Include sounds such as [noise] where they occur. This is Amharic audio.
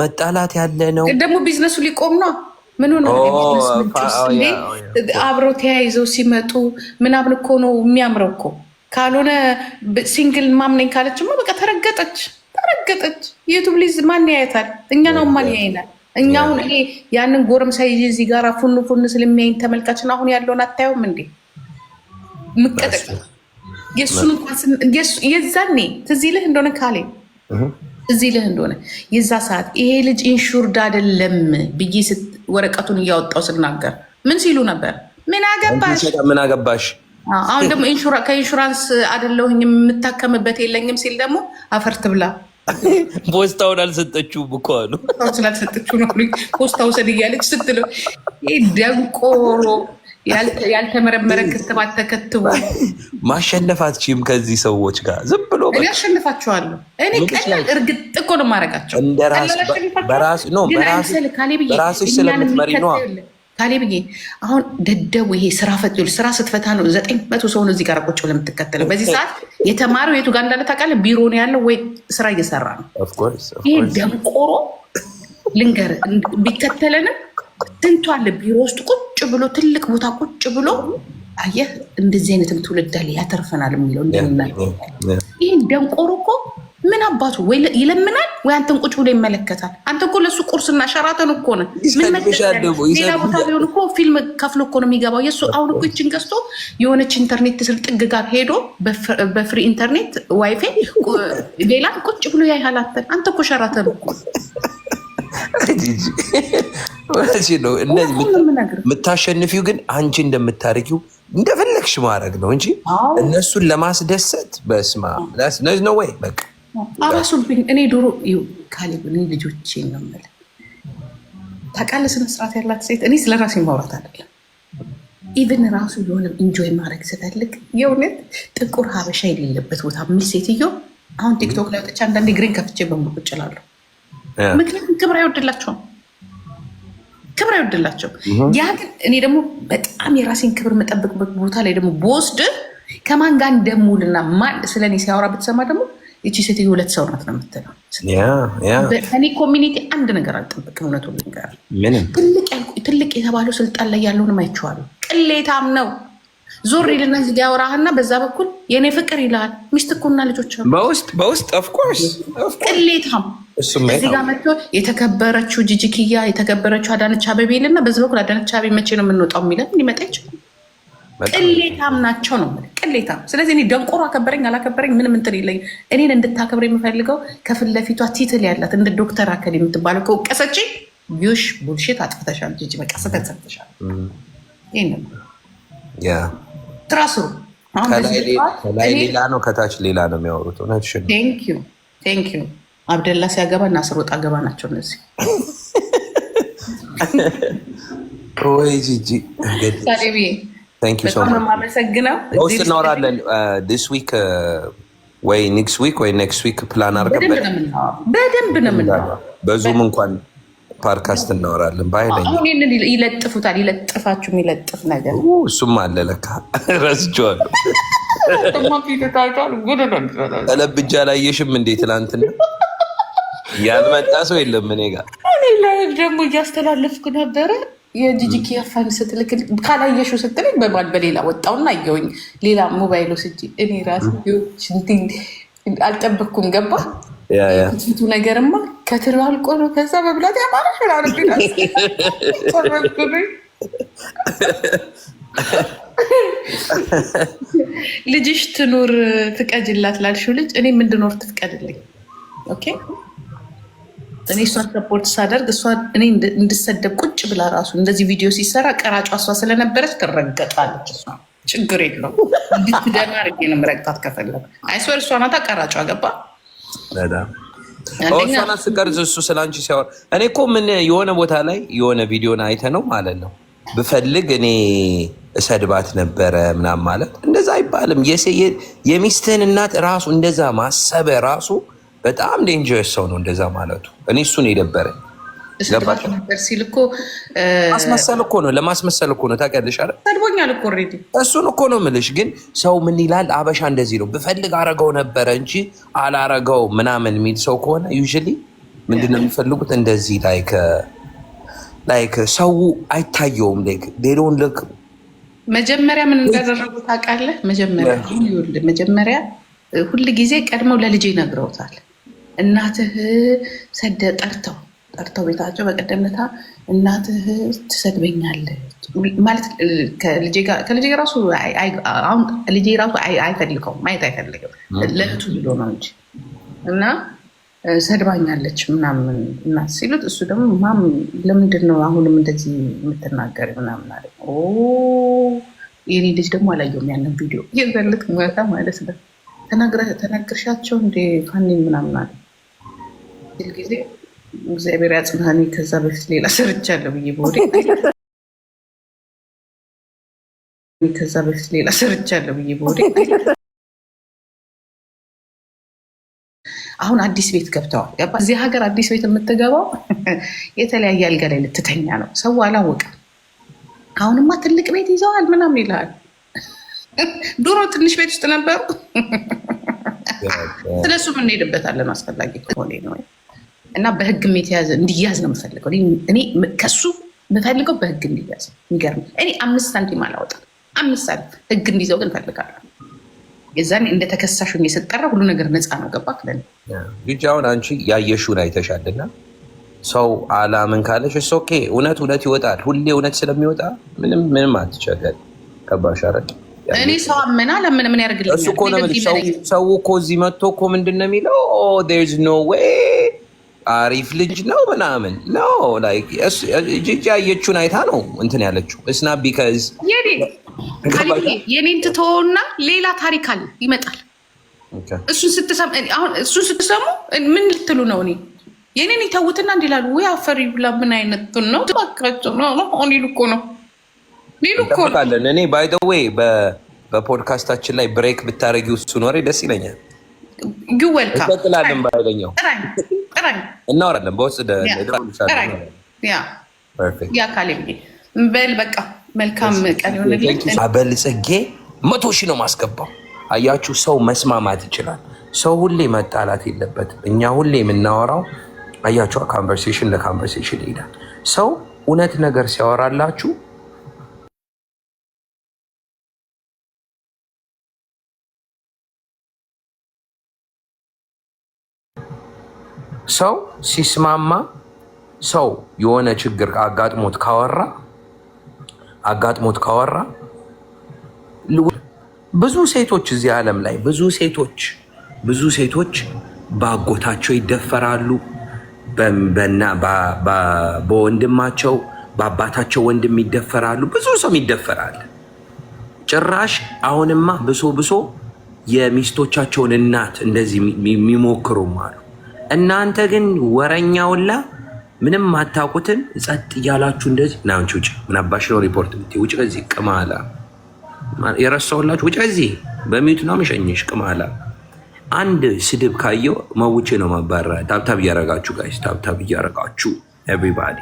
መጣላት ያለ ነው። ደግሞ ቢዝነሱ ሊቆም ነው። ምን ሆነ? አብረው ተያይዘው ሲመጡ ምናምን እኮ ነው የሚያምረው እኮ። ካልሆነ ሲንግል ማምነኝ ካለችማ በቃ ተረገጠች፣ ተረገጠች። ዩቱብ ሊዝ ማን ያየታል? እኛ ነው ማን ያይናል? እኛ አሁን ይሄ ያንን ጎረምሳ ይዤ እዚህ ጋር ፉን ፉን ስለሚያይን ተመልካችን አሁን ያለውን አታየውም እንዴ? ምቀጠቅ የሱን የዛኔ ትዝ ይልህ እንደሆነ ካሌ እዚህ ልህ እንደሆነ የዛ ሰዓት ይሄ ልጅ ኢንሹርድ አይደለም ብዬ ወረቀቱን እያወጣው ስናገር ምን ሲሉ ነበር? ምን አገባሽ ምን አገባሽ። አሁን ደግሞ ከኢንሹራንስ አይደለሁኝ የምታከምበት የለኝም ሲል ደግሞ አፈር ትብላ። ፖስታውን አልሰጠችውም እኮ አሉ። ስላልሰጠችው ነው ፖስታ ውሰድ እያለች ስትለው ደንቆሮ ያልተመረመረ ክትባት ተከትቦ ማሸነፍ አትችም። ከዚህ ሰዎች ጋር ዝም ብሎ እኔ አሸንፋቸዋለሁ። እኔ ቀላል እርግጥ እኮ ነው የማደርጋቸው። በራስሽ ስለምትመሪ ነው ካሌብዬ። አሁን ደደቡ ይሄ ስራ ፈት ስራ ስትፈታ ነው ዘጠኝ መቶ ሰው ነው እዚህ ጋር ቁጭ ብለህ የምትከተለው። በዚህ ሰዓት የተማረው የቱ ጋር እንዳለ ታውቃለህ? ቢሮ ነው ያለው ወይ ስራ እየሰራ ነው። ይሄ ደንቆሮ ልንገርህ ቢከተለንም ስንቱ አለ ቢሮ ውስጥ ቁጭ ብሎ ትልቅ ቦታ ቁጭ ብሎ አየህ፣ እንደዚህ አይነትም ትውልድ አለ ያተርፈናል የሚለው እንደምና ይህን ደንቆሮ እኮ ምን አባቱ ወይ ይለምናል ወይ አንተን ቁጭ ብሎ ይመለከታል። አንተ እኮ ለእሱ ቁርስና ሸራተን እኮ ነው። ሌላ ቦታ ቢሆን እኮ ፊልም ከፍሎ እኮ ነው የሚገባው። የእሱ አሁን እኮ ይችን ገዝቶ የሆነች ኢንተርኔት ትስል ጥግ ጋር ሄዶ በፍሪ ኢንተርኔት ዋይፋይ ሌላ ቁጭ ብሎ ያይሃል። አንተ እኮ ሸራተን እኮ ነው የምታሸንፊው። ግን አንቺ እንደምታደርጊው እንደፈለግሽ ማድረግ ነው እንጂ እነሱን ለማስደሰት በስማ ነው ወይ በቃ አራሱብኝ። እኔ ዶሮ ካሌብ፣ እኔ ልጆቼን ነው የምልህ ታውቃለህ፣ ስነ ስርዓት ያላት ሴት። እኔ ስለ ራሴ ማውራት አይደለም ኢቨን ራሱ የሆነ ኢንጆይ ማድረግ ስፈልግ የእውነት ጥቁር ሀበሻ የሌለበት ቦታ የሚል ሴትዮ አሁን ቲክቶክ ላይ ወጥቼ አንዳንዴ ግሪን ከፍቼ በሙሉ ቁጭ እላለሁ። ምክንያቱም ክብር አይወድላቸውም። ክብር አይወድላቸው። ያ ግን እኔ ደግሞ በጣም የራሴን ክብር መጠበቅበት ቦታ ላይ ደግሞ በወስድ ከማን ጋር እንደምውልና ማን ስለ እኔ ሲያወራ ብትሰማ ደግሞ ይቺ ሴትዮ ሁለት ሰው ናት ነው የምትለው። ከኔ ኮሚኒቲ አንድ ነገር አልጠብቅም። እውነቱ ልንገርህ፣ ትልቅ የተባለው ስልጣን ላይ ያለውንም አይቼዋለሁ። ቅሌታም ነው። ዞር ይልና ሊያወራህና በዛ በኩል የእኔ ፍቅር ይልሃል። ሚስት እኮና ልጆች በውስጥ በውስጥ ኦፍኮርስ ቅሌታም እዚህ ጋር መጥቶ የተከበረችው ጂጂኪያ የተከበረችው አዳነች አበቤ ይልና በዚ በኩል አዳነች አበቤ መቼ ነው የምንወጣው የሚለን ሊመጣ ይችላል። ቅሌታም ናቸው ነው ቅሌታም። ስለዚህ እኔ ደንቆሮ አከበረኝ አላከበረኝ ምንም እንትን የለኝ። እኔን እንድታከብር የምፈልገው ከፊት ለፊቷ ቲትል ያላት እንደ ዶክተር አከል የምትባለው ከወቀሰች ቢሽ ቡልሽት አጥፍተሻል ጂጂ በቃ ስተት ሰርተሻል። ይህ ነው ትራስ ነው። ከላይ ሌላ ነው፣ ከታች ሌላ ነው የሚያወሩት። እውነትሽን ነው። ቴንክ ዩ አብደላ ሲያገባ እና አስር ወጥ አገባ ናቸው እነዚህ። ወይ ጂጂ ማመሰግነው። እናወራለን ዲስ ዊክ uh, uh, ወይ ኔክስት ዊክ ወይ ኔክስት ዊክ ፕላን አድርገን በደንብ ነው የምናወራው በዙም እንኳን ፓድካስት እናወራለን ባይለኝ ይለጥፉታል። ይለጥፋችሁ የሚለጥፍ ነገር እሱም አለ ለካ [laughs] ረስቼዋለሁ። ጠለብጃ ላይ የሽም እንዴ? ትናንትና ያልመጣ ሰው የለም እኔ ጋር። እኔ ላይቭ ደግሞ እያስተላለፍኩ ነበረ የጂጂ ኪያፋን ስትልክ ካላየሽው ስትለኝ በማል በሌላ ወጣውና አየሁኝ። ሌላ ሞባይል ስጅ እኔ ራሴ ሽንት አልጠበቅኩም። ገባ ፊቱ ነገርማ ከትር አልቆ ነው ከዛ መብላት ያማራል። ልጅሽ ትኑር ፍቀጅላት ላልሽው ልጅ እኔ ምንድኖር ትፍቀድልኝ። ኦኬ እኔ እሷን ሰፖርት ሳደርግ እሷ እኔ እንድሰደብ ቁጭ ብላ ራሱ እንደዚህ ቪዲዮ ሲሰራ ቀራጯ እሷ ስለነበረች ትረገጣለች። እሷ ችግር የለውም እንዲትደና አድርጌ ነው የምረግጣት ከፈለግ አይስበር እሷ ናታ ቀራጯ ገባ እሷን ስቀርጽ እሱ ስለ አንቺ ሲያወራ እኔ እኮ ምን የሆነ ቦታ ላይ የሆነ ቪዲዮን አይተ ነው ማለት ነው ብፈልግ እኔ እሰድባት ነበረ ምናምን ማለት እንደዛ አይባልም። የሚስትህን እናት ራሱ እንደዛ ማሰበ ራሱ በጣም ዴንጀረስ ሰው ነው እንደዛ ማለቱ። እኔ እሱን የደበረኝ እሰድባለሁ ነበር ሲል እኮ ማስመሰል እኮ ነው፣ ለማስመሰል እኮ ነው። ታውቂያለሽ አይደል? ሰድቦኛል እኮ ኦልሬዲ። እሱን እኮ ነው የምልሽ። ግን ሰው ምን ይላል? አበሻ እንደዚህ ነው፣ ብፈልግ አረገው ነበረ እንጂ አላረገው ምናምን የሚል ሰው ከሆነ ዩዥሊ ምንድን ነው የሚፈልጉት? እንደዚህ ላይክ ላይክ ሰው አይታየውም። ላይክ ሌሎን ልክ መጀመሪያ ምን እንዳደረጉ ታውቃለህ? መጀመሪያ መጀመሪያ ሁል ጊዜ ቀድመው ለልጅ ይነግረውታል። እናትህ ሰደ ጠርተው ጠርተው ቤታቸው በቀደም ዕለት እናትህ ትሰድበኛለች ማለት ከልጄ ራሱ አሁን ልጄ ራሱ አይፈልገውም ማየት አይፈልግም። ለእህቱ ብሎ ነው እንጂ እና ሰድባኛለች ምናምን እናት ሲሉት እሱ ደግሞ ማም ለምንድን ነው አሁንም እንደዚህ የምትናገር ምናምን አለ። የኔ ልጅ ደግሞ አላየውም ያንን ቪዲዮ የዘልት ሙያታ ማለት ነው ተናግረሻቸው እንደ ፋኒ ምናምን አለ ጊዜ እግዚአብሔር ያጽናኔ። ከዛ በፊት ሌላ ሰርቻለሁ ብዬ በሆዴ [laughs] ከዛ በፊት ሌላ ሰርቻለሁ ብዬ በሆዴ አሁን አዲስ ቤት ገብተዋል። እዚህ ሀገር አዲስ ቤት የምትገባው [laughs] የተለያየ አልጋ ላይ ልትተኛ ነው። ሰው አላወቀም። አሁንማ ትልቅ ቤት ይዘዋል ምናምን ይልሃል። ድሮ [laughs] ትንሽ ቤት ውስጥ ነበሩ። ስለሱ የምንሄድበታለን አስፈላጊ ከሆነ ነው። እና በህግ የተያዘ እንዲያዝ ነው የምፈልገው። እኔ ከሱ የምፈልገው በህግ እንዲያዝ። የሚገርም እኔ አምስት ሳንቲም አላወጣም። አምስት ሳንቲም ህግ እንዲይዘው ግን እፈልጋለሁ። የዛኔ እንደ ተከሳሽ የስጠራ ሁሉ ነገር ነፃ ነው። ገባ ክለን ልጅ አሁን አንቺ ያየሽውን አይተሻልና ሰው አላምን ካለሽ እስ ኦኬ። እውነት እውነት ይወጣል። ሁሌ እውነት ስለሚወጣ ምንም ምንም አትቸገር። ከባሽ አረቅ እኔ ሰው አመና ለምን ምን ያደርግልኛል? ሰው እኮ እዚህ መጥቶ እኮ ምንድን ነው የሚለው ኖ oh, ዌይ አሪፍ ልጅ ነው ምናምን ነው ጂጂ ያየችውን አይታ ነው እንትን ያለችው እስና ቢከዝ የኔን ትተውና ሌላ ታሪክ አለ ይመጣል። እሱን ስትሰሙ ምን ልትሉ ነው? እኔ የኔን ይተውትና እንዲላሉ ወይ አፈሪ ብላ ምን አይነቱን ነው ባቸው ሊሉ እኮ ነው ሊሉ እኔ ባይ ዘ ዌይ በፖድካስታችን ላይ ብሬክ ብታደረጊ ውሱ ኖሬ ደስ ይለኛል። ግወልካ ዩ ዌልካም ጥራኝ፣ እናወራለን በውስጥ በል በቃ መልካም ቀን ይሆንልኝ። አበልጽጌ መቶ ሺህ ነው ማስገባው። አያችሁ ሰው መስማማት ይችላል። ሰው ሁሌ መጣላት የለበትም። እኛ ሁሌ የምናወራው አያችሁ፣ ካንቨርሴሽን ለካንቨርሴሽን ይሄዳል። ሰው እውነት ነገር ሲያወራላችሁ ሰው ሲስማማ ሰው የሆነ ችግር አጋጥሞት ካወራ አጋጥሞት ካወራ ብዙ ሴቶች እዚህ ዓለም ላይ ብዙ ሴቶች ብዙ ሴቶች በአጎታቸው ይደፈራሉ፣ በወንድማቸው በአባታቸው ወንድም ይደፈራሉ። ብዙ ሰው ይደፈራል። ጭራሽ አሁንማ ብሶ ብሶ የሚስቶቻቸውን እናት እንደዚህ የሚሞክሩም አሉ። እናንተ ግን ወረኛውላ ምንም አታውቁትን ጸጥ እያላችሁ እንደዚህ ና አንቺ ውጭ ምን አባሽ ነው ሪፖርት ምት ውጭ ከዚህ ቅማላ የረሳውላችሁ ውጭ ከዚህ በሚዩት ነው የምሸኝሽ ቅማላ። አንድ ስድብ ካየው መውቼ ነው ማባረ ታብታብ እያረጋችሁ ጋይስ፣ ታብታብ እያረጋችሁ ኤቭሪባዲ